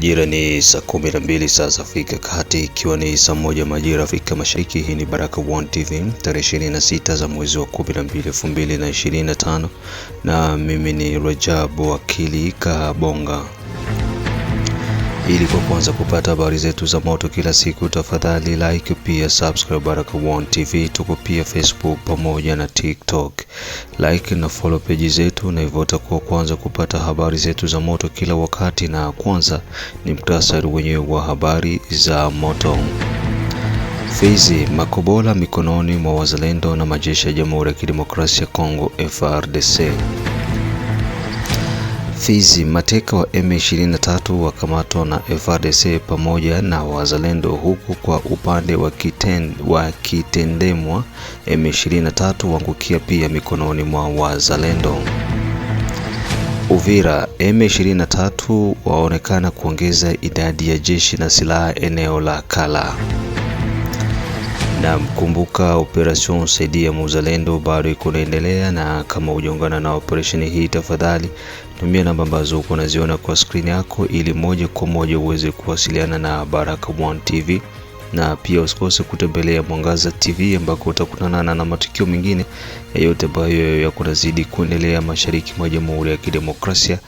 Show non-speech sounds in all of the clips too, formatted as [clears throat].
Majira ni saa kumi na mbili saa za Afrika Kati, ikiwa ni saa moja majira Afrika Mashariki. Hii ni Baraka One TV tarehe 26 za mwezi wa 12 2025, na mimi ni Rajabu Wakili Kabonga. Ili kwa kwanza kupata habari zetu za moto kila siku, tafadhali like, pia subscribe baraka One TV. Tuko pia Facebook pamoja na TikTok. Like na follow page zetu, na hivyo utakuwa kwanza kupata habari zetu za moto kila wakati. Na kwanza ni mktasari wenyewe wa habari za moto. Fizi, Makobola mikononi mwa wazalendo na majeshi ya Jamhuri ya Kidemokrasia ya Kongo FRDC. Fizi, mateka wa M23 wakamatwa na FARDC pamoja na wazalendo, huku kwa upande wa kiten, wa kitendemwa M23 wangukia pia mikononi mwa wazalendo. Uvira, M23 waonekana kuongeza idadi ya jeshi na silaha eneo la Kala. Na mkumbuka operation saidia muzalendo bado iko inaendelea, na kama hujaungana na operesheni hii, tafadhali tumia namba ambazo uko naziona kwa skrini yako, ili moja kwa moja uweze kuwasiliana na Baraka1 TV, na pia usikose kutembelea Mwangaza TV ambako utakutanana na matukio mengine yote ambayo yakunazidi kuendelea mashariki mwa Jamhuri ya Kidemokrasia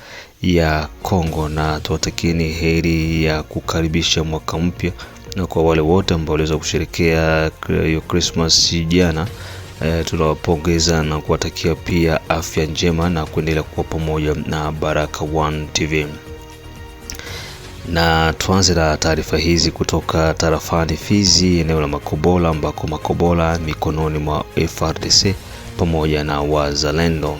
ya Kongo, na tuwatakieni heri ya kukaribisha mwaka mpya na kwa wale wote ambao waliweza kusherekea hiyo Christmas jana e, tunawapongeza na kuwatakia pia afya njema na kuendelea kuwa pamoja na Baraka One TV na tuanze na taarifa hizi kutoka tarafani Fizi, eneo la Makobola ambako Makobola mikononi mwa frdc pamoja na wazalendo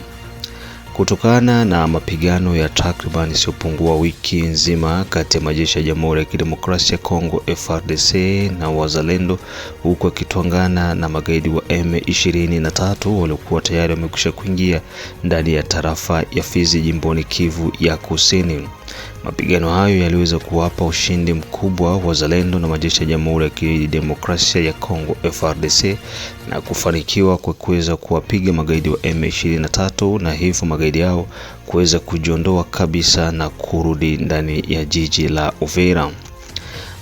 kutokana na mapigano ya takriban isiyopungua wiki nzima kati ya majeshi ya Jamhuri ya Kidemokrasia ya Kongo FRDC na Wazalendo, huku akitwangana na magaidi wa M23 waliokuwa tayari wamekwisha kuingia ndani ya tarafa ya Fizi jimboni Kivu ya Kusini. Mapigano hayo yaliweza kuwapa ushindi mkubwa wazalendo na majeshi ya Jamhuri ya Kidemokrasia ya Kongo frdc na kufanikiwa kwa kuweza kuwapiga magaidi wa M23 na hivyo magaidi hao kuweza kujiondoa kabisa na kurudi ndani ya jiji la Uvira.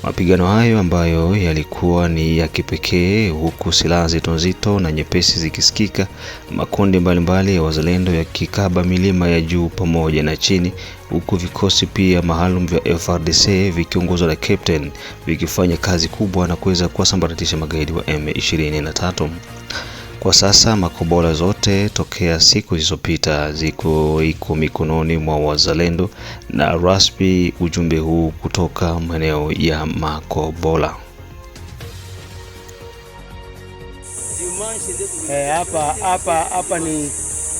Mapigano hayo ambayo yalikuwa ni ya kipekee, huku silaha nzito nzito na nyepesi zikisikika, makundi mbalimbali ya wazalendo yakikaba milima ya juu pamoja na chini, huku vikosi pia maalum vya frdc vikiongozwa na Captain vikifanya kazi kubwa na kuweza kuwasambaratisha magaidi wa M23. Kwa sasa makombora zote tokea siku zilizopita ziko iko mikononi mwa wazalendo na rasmi. Ujumbe huu kutoka maeneo ya makombora eh, hapa hapa hapa ni,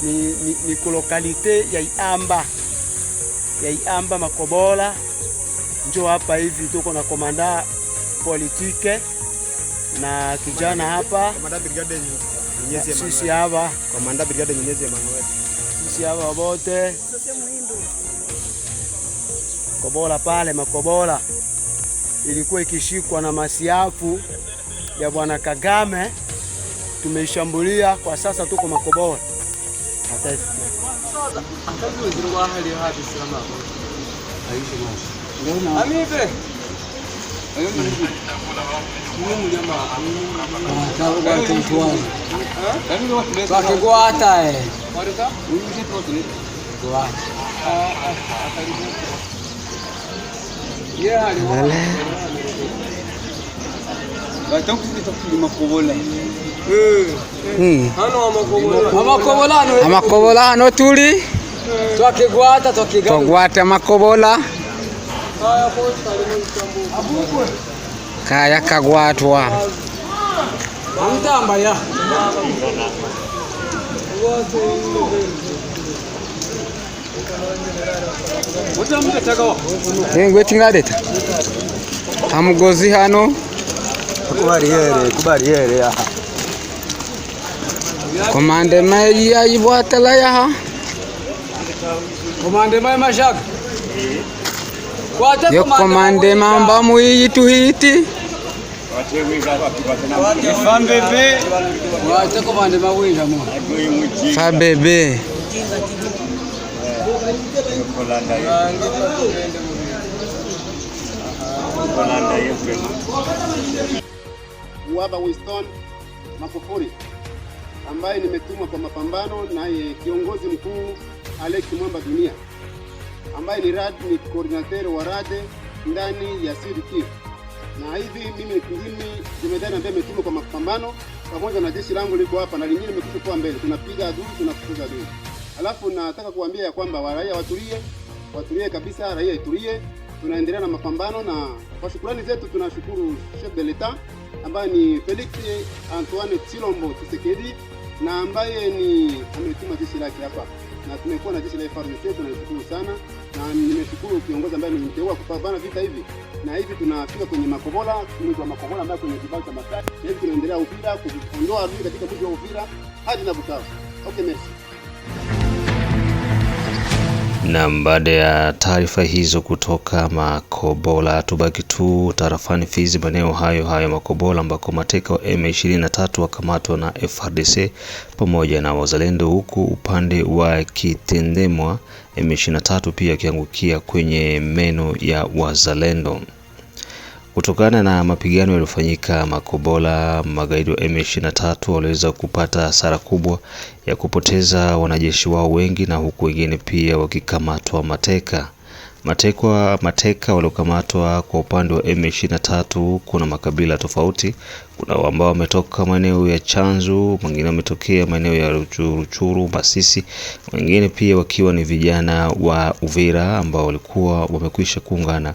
ni, ni, ni kulokalite ya Iamba ya Iamba makobola njo hapa hivi tuko na komanda politike na kijana hapa komanda brigade sisi hapa Kamanda Brigade Nyenyezi Emmanuel, sisi hapa Kobola pale Makobola ilikuwa ikishikwa na masiafu ya bwana Kagame, tumeishambulia kwa sasa, tuko Makobola. Wakigwata amakobolano tuli twagwata makobola kaya kagwatwa amutambaya engwe tingadeta amugozi hano commande kubariyere aha komande mayi ayibwatala yaha yo komande mamba muyiyituhiti fabebe Uwaba Winston Makufuri ambaye nimetumwa kwa mapambano naye kiongozi mkuu Alex Mwamba Dunia ambaye ni rad ni koordinateur wa rade ndani ya Sud Kivu na hivi mimi mimi jemedari ambaye imetumwa kwa mapambano pamoja na jeshi langu liko hapa na lingine limekwisha kuwa mbele, tunapiga adui, tunafukuza adui. Alafu nataka kuambia ya kwamba waraia watulie, watulie kabisa, raia itulie. Tunaendelea na mapambano, na kwa shukurani zetu tunashukuru chef de l'etat ambaye ni Felix Antoine Tshilombo Tshisekedi na ambaye ni ametuma jeshi lake hapa na tumekuwa na jeshi la FARDC tunashukuru sana, na nimeshukuru kiongozi ambaye ameniteua kupambana vita hivi, na hivi tunafika kwenye Makobola, mji wa Makobola ambaye kwenye kibao cha Masasi, na hivi tunaendelea Uvira kuondoa adui katika mji wa Uvira hadi na Bukavu. Okay, merci. Naam, baada ya taarifa hizo kutoka Makobola, tubaki tu tarafani Fizi, maeneo hayo hayo Makobola, ambako mateka wa M23 wakamatwa na frdc pamoja na wazalendo, huku upande wa Kitendemwa M23 pia akiangukia kwenye meno ya wazalendo. Kutokana na mapigano yaliyofanyika, makobola magaidi wa M23 waliweza kupata hasara kubwa ya kupoteza wanajeshi wao wengi, na huku wengine pia wakikamatwa mateka. Matekwa mateka waliokamatwa kwa upande wa M23, kuna makabila tofauti. Kuna ambao wametoka maeneo ya Chanzu, wengine wametokea maeneo ya Ruchuru, Masisi, wengine pia wakiwa ni vijana wa Uvira ambao walikuwa wamekwisha kuungana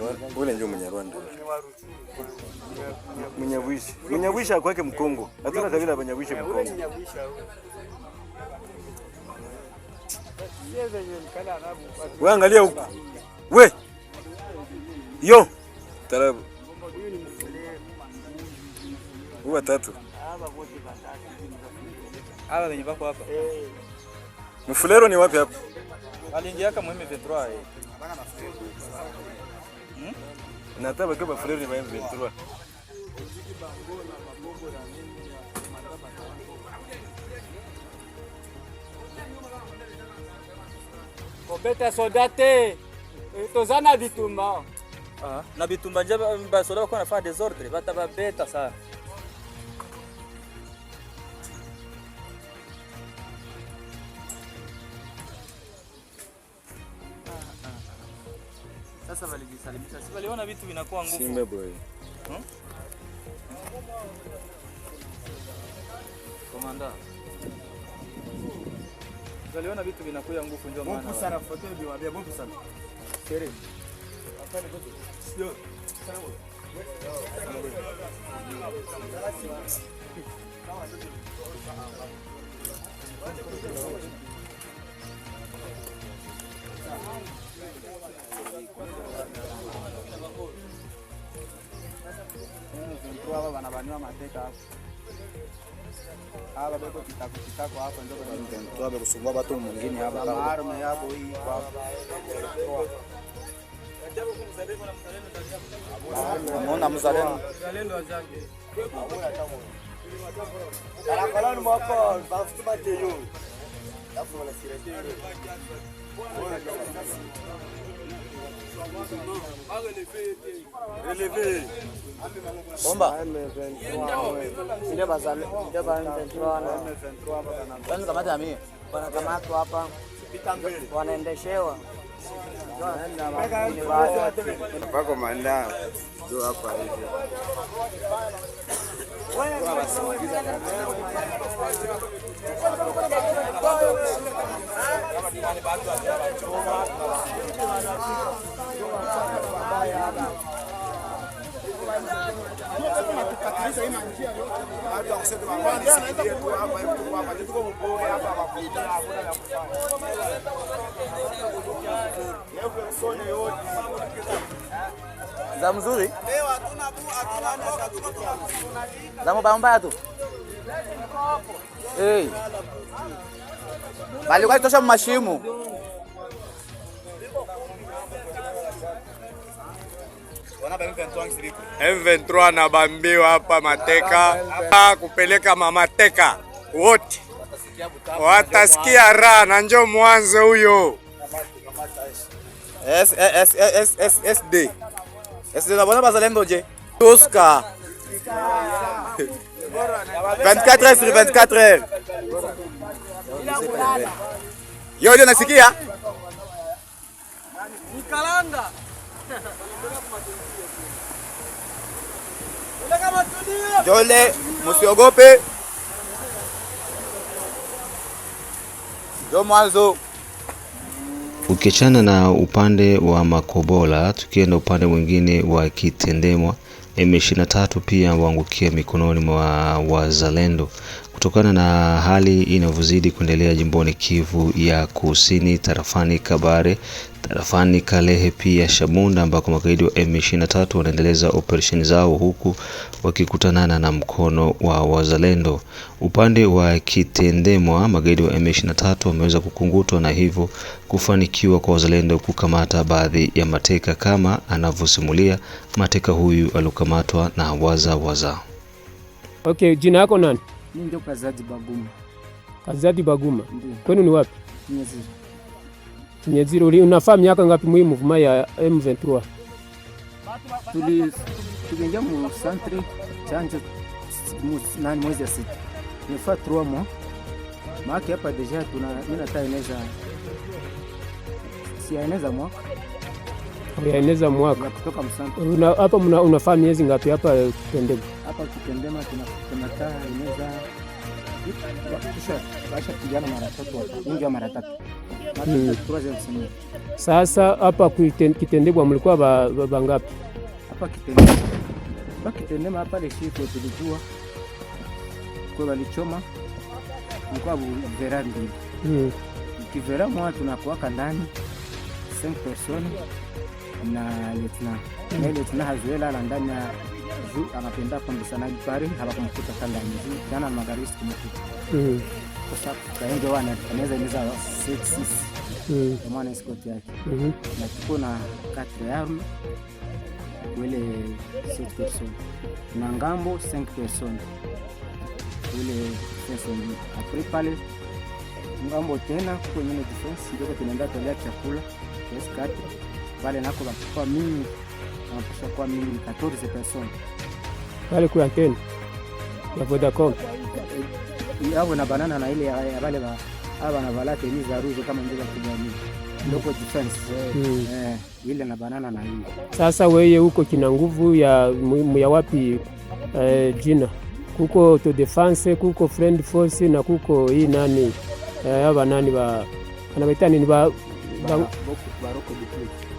Mnyarwanda. Wewe unajua Mnyarwanda. Mnyabwishi. Mnyabwishi akwake Mkongo. Hatuna kabila ya Mkongo. Wewe angalia huko. We. Yo. Tarabu. Huyu watatu. Hawa wenye wako hapa. Mfulero ni wapi hapa? Aliingia kama mwezi 23. Eh nata bakiri ba frere ba M23 kobeta soda te eh, toza na bitumba ah, na bitumba nje eh, basoda bakuwa fa desordre bata sana Sasa waliona vitu vinakuwa ngumu. Simba boy. Hmm? Komanda. Waliona vitu vinakuwa ngumu njoo maana. Mungu sana foto ndio Mungu sana. Siri. Afanye kitu. Sio. Thank you. Hapa wanabaniwa mateka hapo. Hapa bado kitako kitako hapa ndio ndio mtu hapa kusumbua watu mwingine hapa kama arme hapo hii kwa Mwana mzalendo mzalendo Bomba. Ndio bazale. hapa. Wanaendeshewa. Mpaka manda ndio hapa hivi za mzuri za mbaya mbaya tu Walikuwa kitosha mashimo. M23 anabambiwa hapa mateka ah, kupeleka mamateka wote watasikia raha na njo mwanzo huyo SD SD nabona bazalendo je tuska 24 [laughs] heures sur 24 heures yote nasikia jole, msiogope, ndio mwanzo. Ukiachana na upande wa Makobola, tukienda upande mwingine wa Kitendemwa, M23 pia waangukia mikononi mwa wazalendo kutokana na hali inavyozidi kuendelea jimboni Kivu ya Kusini, tarafani Kabare, tarafani Kalehe, pia Shabunda, ambako magaidi wa M23 wanaendeleza operesheni zao huku wakikutanana na mkono wa wazalendo. Upande wa Kitendemwa, magaidi wa M23 wameweza kukungutwa na hivyo kufanikiwa kwa wazalendo kukamata baadhi ya mateka, kama anavyosimulia mateka huyu aliokamatwa na waza waza. Okay, jina yako nani? Mimi ndio Kazadi Baguma. Kazadi Baguma. Kwenu ni wapi? Kinyeziro. Kinyeziro, unafaa miaka ngapi mwi mvuma ya M23? Tuli tuliingia mu santri chanjo nani mwezi ya sita. Nifaa trois mois. Maana hapa deja tuna mimi Si siaeneza mwaka Yaeneza mwaka. Unapotoka Msantu. Una, unafaa miezi ngapi hapa Kitendema? Hapa Kitendema tunakaa Hmm. Sasa hapa Kitendegwa mlikuwa bangapi? Hapa Kitendema. Hapa Kitendema hapa ile shifu tulijua kwa walichoma mkoa vera mbili. Mm. Kivera mwa tunakuwa ndani 5 personnes na letna mm. naye letna hazuela la ndani ya juu anapenda na gipari hapa kumkuta kanda mzuri jana magharibi kumkuta mm. kwa sababu wengi wanaweza inaweza six six mm. mwana skoti yake mm na tuko na quatre arme wele 7 person na ngambo person personnes wele personnes après pale ngambo tena kwenye defense ndio tunaenda tolea chakula kesi kati pale nako bachukua mimi napisha kwa mimi 14 personnes pale kwa Ken ya Vodacom yao eh, na banana na ile ya wale ba aba na balate ni za ruzo kama ndio kijamii ndoko mm. defense mm. eh, ile na banana na ile sasa. wewe huko kina nguvu ya ya wapi eh, jina kuko to defense kuko friend force na kuko hii nani eh, aba nani ba anabaita nini ba baroko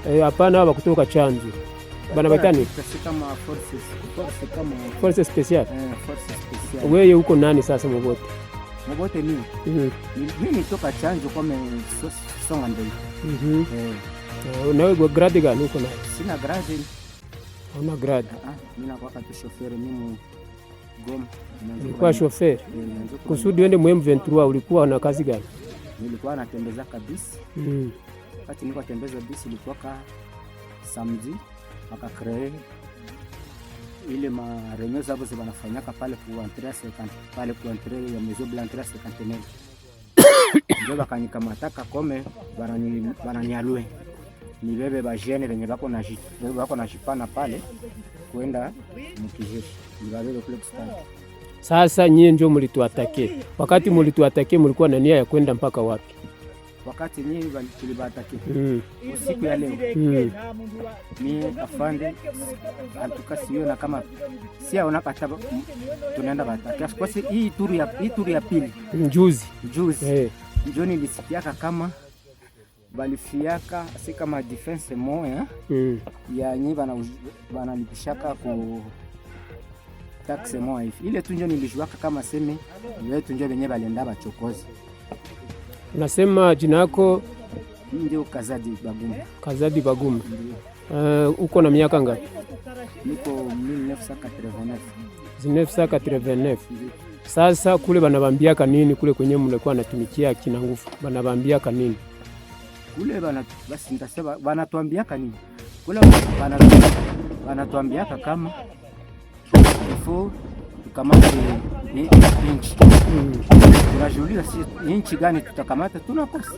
Eh, hapana, e, aba kutoka chanzo bana baitani force eh, special. Wewe uko nani sasa Mobote? Mobote mimi mhm. mm -hmm. nitoka chanzo kwa songa ndei mm -hmm. eh. Uh, oh, nawe grade gani uko nayo? Sina grade. Una grade? Mimi ah, ah, kwa Ulikuwa shoferi eh, kusudi uende mu M23 ulikuwa na kazi gani? Nilikuwa natembeza kabisa. Mhm wakati niko tembeza bisi ilikuwaka samdi wakakree ile marenyo zabo zibanafanyaka pale kuantre pale kuantre ya mezo blantre sekantene ndio bakanikamataka kome bananialue nibebe bajene venye bako na jipana pale kwenda mkijeshi nibabebe kule kustani. Sasa nyie ndio mlituatake, wakati mlituatake mlikuwa na nia ya kwenda mpaka wapi? wakati nyinyi tulibatakia mm. Usiku ya leo mm. ni afande antukasiona kama si kata tunaenda batakia kosi hii turu ya, hii turu ya pili njuzi njuzi hey. Eh. Njo nilisikiaka kama balifiaka si kama defense moya mm. ya nyi banalipishaka ku taxe moya hivi ile tu njo nilijuaka kama seme wetu njo benye balienda bachokozi Nasema jina yako ndio? Kazadi Bagumu. Kazadi Bagumu. Uh, uko na miaka ngapi? Niko 1989. Sasa kule banabambia kanini kule kwenye mlikuwa anatumikia kina nguvu, banabambia kanini? kule? bana Basi ndasema banatuambiaka kanini? kule, banatuambiaka kama kifo tukamate nchi mm. tunajiuliza, si nchi gani tutakamata? Tunakosa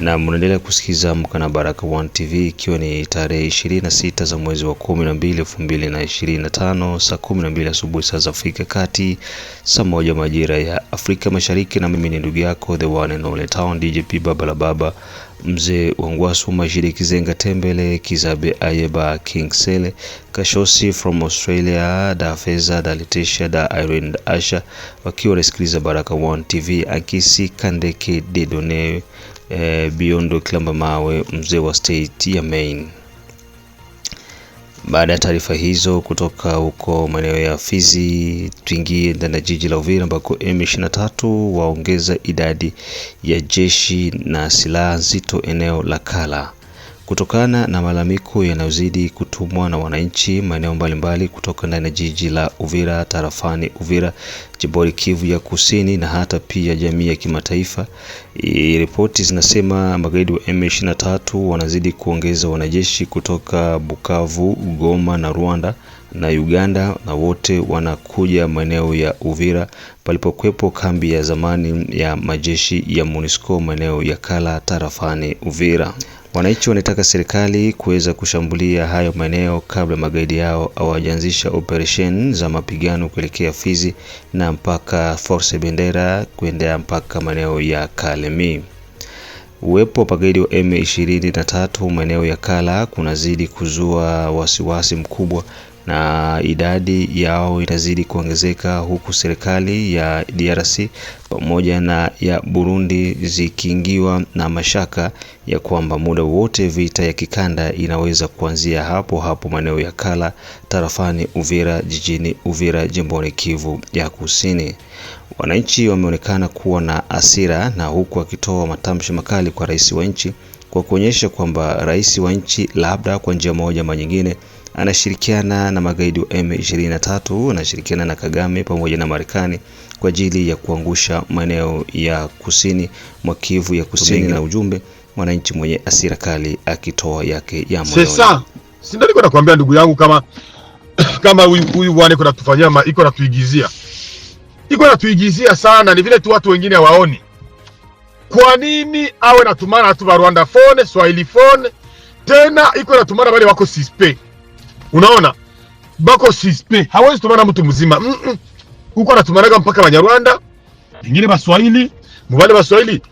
na mnaendelea kusikiza Amka na Baraka One TV, ikiwa ni tarehe 26 za mwezi wa 12 2025, saa 12 asubuhi saa za Afrika Kati, saa moja majira ya Afrika Mashariki, na mimi ni ndugu yako the one and only town DJP Baba la Baba. Mzee Wangwasu Majiri Kizenga Tembele Kizabe Ayeba Kingsele Kashosi from Australia da Feza da Letitia da Irene da Asha wakiwa wanasikiliza Baraka One TV Akisi Kandeke Dedone eh, Biondo kilamba Mawe mzee wa state ya Maine. Baada ya taarifa hizo kutoka huko maeneo ya Fizi, tuingie ndani ya jiji la Uvira ambako M23 waongeza idadi ya jeshi na silaha nzito eneo la Kala kutokana na malalamiko yanayozidi kutumwa na wananchi maeneo mbalimbali kutoka ndani ya jiji la Uvira tarafani Uvira jimboni Kivu ya Kusini na hata pia jamii ya kimataifa. Ripoti zinasema magaidi wa M23 wanazidi kuongeza wanajeshi kutoka Bukavu, Goma na Rwanda na Uganda na wote wanakuja maeneo ya Uvira palipokuwepo kambi ya zamani ya majeshi ya MONUSCO maeneo ya Kala tarafani Uvira. Wananchi wanataka serikali kuweza kushambulia hayo maeneo kabla magaidi yao hawajaanzisha operation za mapigano kuelekea Fizi na mpaka Force Bendera kuendea mpaka maeneo ya Kalemi. Uwepo wa magaidi wa M23 maeneo ya Kala kunazidi kuzua wasiwasi mkubwa na idadi yao itazidi kuongezeka huku serikali ya DRC pamoja na ya Burundi zikiingiwa na mashaka ya kwamba muda wote vita ya kikanda inaweza kuanzia hapo hapo maeneo ya Kala tarafani Uvira jijini Uvira jimboni Kivu ya Kusini. Wananchi wameonekana kuwa na asira na huku wakitoa matamshi makali kwa rais wa nchi kwa kuonyesha kwamba rais wa nchi labda kwa njia moja ama nyingine anashirikiana na magaidi wa M23, anashirikiana na Kagame pamoja na Marekani kwa ajili ya kuangusha maeneo ya kusini mwa Kivu ya kusini, na ujumbe mwananchi mwenye asira kali akitoa yake ya moyoni. Sasa si ndio niko nakwambia ndugu yangu, kama [clears throat] kama huyu bwana iko natufanyia ma iko natuigizia iko natuigizia sana, ni vile tu watu wengine hawaoni. Kwa nini awe natumana tu Rwanda phone, Swahili phone, tena iko natumana bali wako suspect Unaona, Bako Sispe hawezi tumana mtu mzima mm -mm. Huko anatumanaga mpaka Banyarwanda wengine Baswahili mbali Baswahili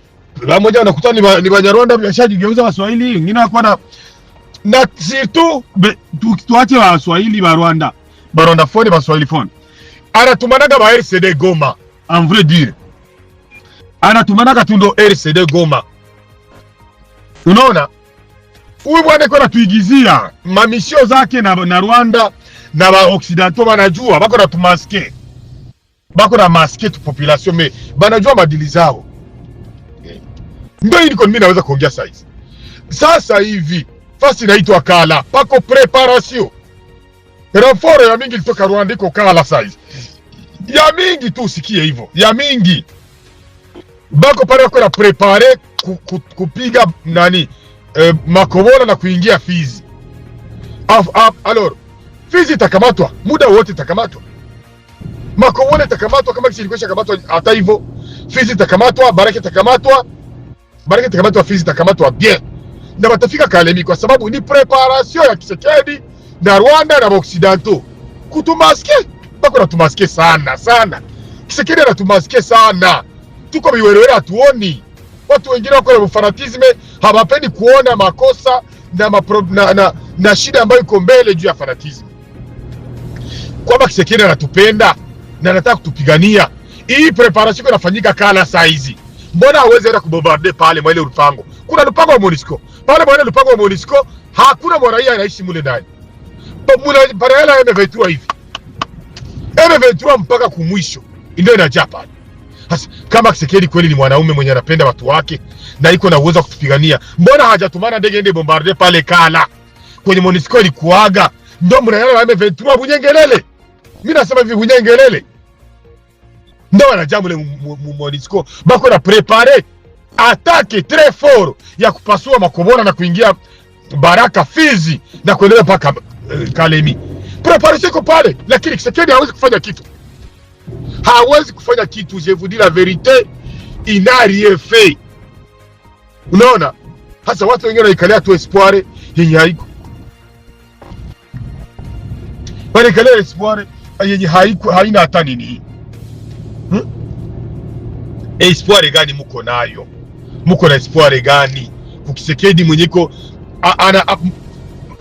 pamoja wanakuta ni Banyarwanda washajigeuza Waswahili wengine wako na na situ tuache Waswahili ba Rwanda ba Rwanda phone Baswahili phone anatumanaga ba RCD Goma en vrai dire anatumanaga tundo RCD Goma unaona huyu bwana iko natuigizia mamisio zake na, na Rwanda na baoksidanto banajua bako na tumaske bako na maske tu population me banajua madili zao okay. Ndio iliko mimi naweza kuongea saizi. Sasa hivi fasi naitwa Kala pako preparation renfort ya mingi kutoka Rwanda iko Kala saizi ya mingi tu, usikie hivyo ya mingi bako pale wako na prepare kupiga nani eh, Makobola na kuingia Fizi af, af, alor Fizi itakamatwa muda wote, itakamatwa Makobola itakamatwa kama kisi ilikuwa kamatwa. Hata hivyo Fizi itakamatwa, Baraka itakamatwa, Baraka itakamatwa, Fizi itakamatwa bien na batafika Kalemi kwa sababu ni preparation ya Kisekedi na Rwanda na baoksidanto kutumaske bako natumaske sana sana. Kisekedi anatumaske sana, tuko miwerewere, hatuoni watu wengine wako na fanatisme hawapendi kuona makosa na, mapro, na, na, na shida ambayo iko mbele juu ya fanatism, kwamba Kisekedi anatupenda na anataka kutupigania. Hii preparation inafanyika kala saa hizi, mbona aweze enda kubombarde pale mwaile ile lupango? Kuna lupango wa Monisco pale mwaile lupango wa Monisco, hakuna mwaraia anaishi mule ndani paralel m hivi m mpaka kumwisho ndio inajaa pale Hasa kama Kisekeli kweli ni mwanaume mwenye anapenda watu wake na iko na uwezo wa kutupigania, mbona hajatumana ndege ende bombarde pale Kala kwenye Monisco ilikuaga? ndo Ndio mnaelewa wame wa bunyengelele. Mimi nasema hivi bunyengelele ndio wanajambo le Monisco bako na prepare atake tre fort ya kupasua makobora na kuingia Baraka Fizi na kuendelea mpaka uh, Kalemi. Preparation iko pale, lakini Kisekeli hawezi kufanya kitu hawezi kufanya kitu. Je vous dis la vérité, il n'a rien fait. Unaona hasa watu wengine wanaikalia tu espoir yenye haiko, wanaikalia espoir yenye haiko, haina hata nini hmm? espoir gani muko nayo? Muko na espoir gani? Kukisekedi mwenyeko ana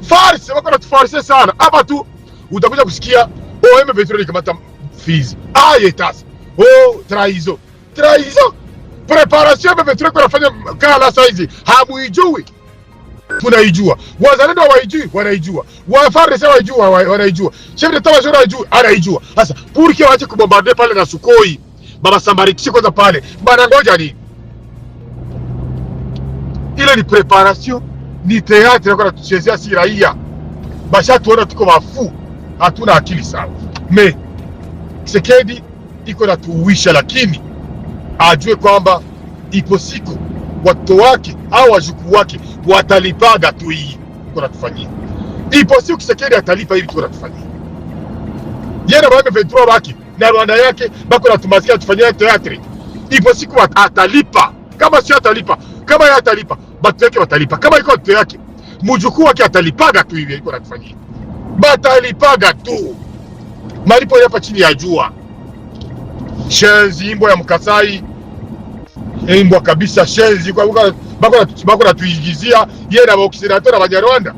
farce, wako na farce sana hapa tu, utakuja kusikia ombe oh, petroli kamata Ayetas. Oh, traizo traizo, preparation vitu nafanya kala saizi, hamuijui tunaijua. Wazalendo hawaijui, wanaijua. Wafardes hawaijua, wanaijua. Chef de Tabajor haijui, anaijua. Sasa Purki waache kubombarde pale na Sukoi, baba Sambari kwanza pale bana, ngoja nini? Ile ni preparation, ni teatri kwa kutuchezea si raia. Basha tuona tuko wafu, hatuna akili sawa me Tshisekedi iko na tuuisha, lakini ajue kwamba ipo siku watoto wake au wajukuu wake watalipaga tu. Hii tuko natufanyia, ipo siku Tshisekedi atalipa hivi tuko natufanyia yeye na bwana Ventura wake na Rwanda yake bako na natumasikia tufanyia teatri. Ipo siku atalipa, kama sio atalipa, kama yeye atalipa, batu yake watalipa, kama iko watoto yake mujukuu wake atalipaga tu, hivi iko natufanyia, batalipaga tu malipo hapa chini ya jua, shenzi imbo ya Mkasai e, imbwa kabisa, shenzi bako natuigizia ye na baoksidate na Banyarwanda.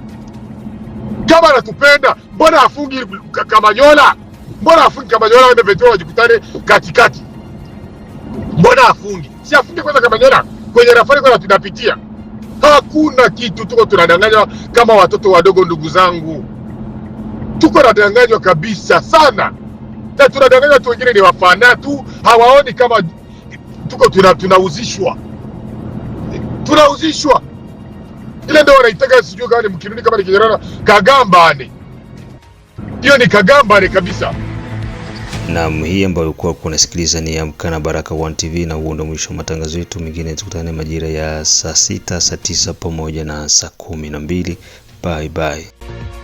Kama anatupenda mbona afungi Kamanyola? Mbona afungi Kamanyola wende vetua wajikutane katikati? Mbona afungi? Si afungi kwanza Kamanyola kwenye rafari kwa tunapitia. Hakuna kitu, tuko tunadanganywa kama watoto wadogo, ndugu zangu tuko nadanganywa kabisa sana, na tunadanganywa. Watu wengine ni wafana tu, hawaoni kama tuko tunauzishwa, tunauzishwa ile ndo wanaitaka, sijui kama ni mkinuni kama ni Kinyarwanda, kagambane. Hiyo ni kagambane kabisa. Naam, hii ambayo ulikuwa kunasikiliza ni Amka na Baraka One TV, na huo mwisho wa matangazo yetu. Mengine tukutane majira ya saa sita, saa tisa pamoja na saa kumi na mbili. Bye bye.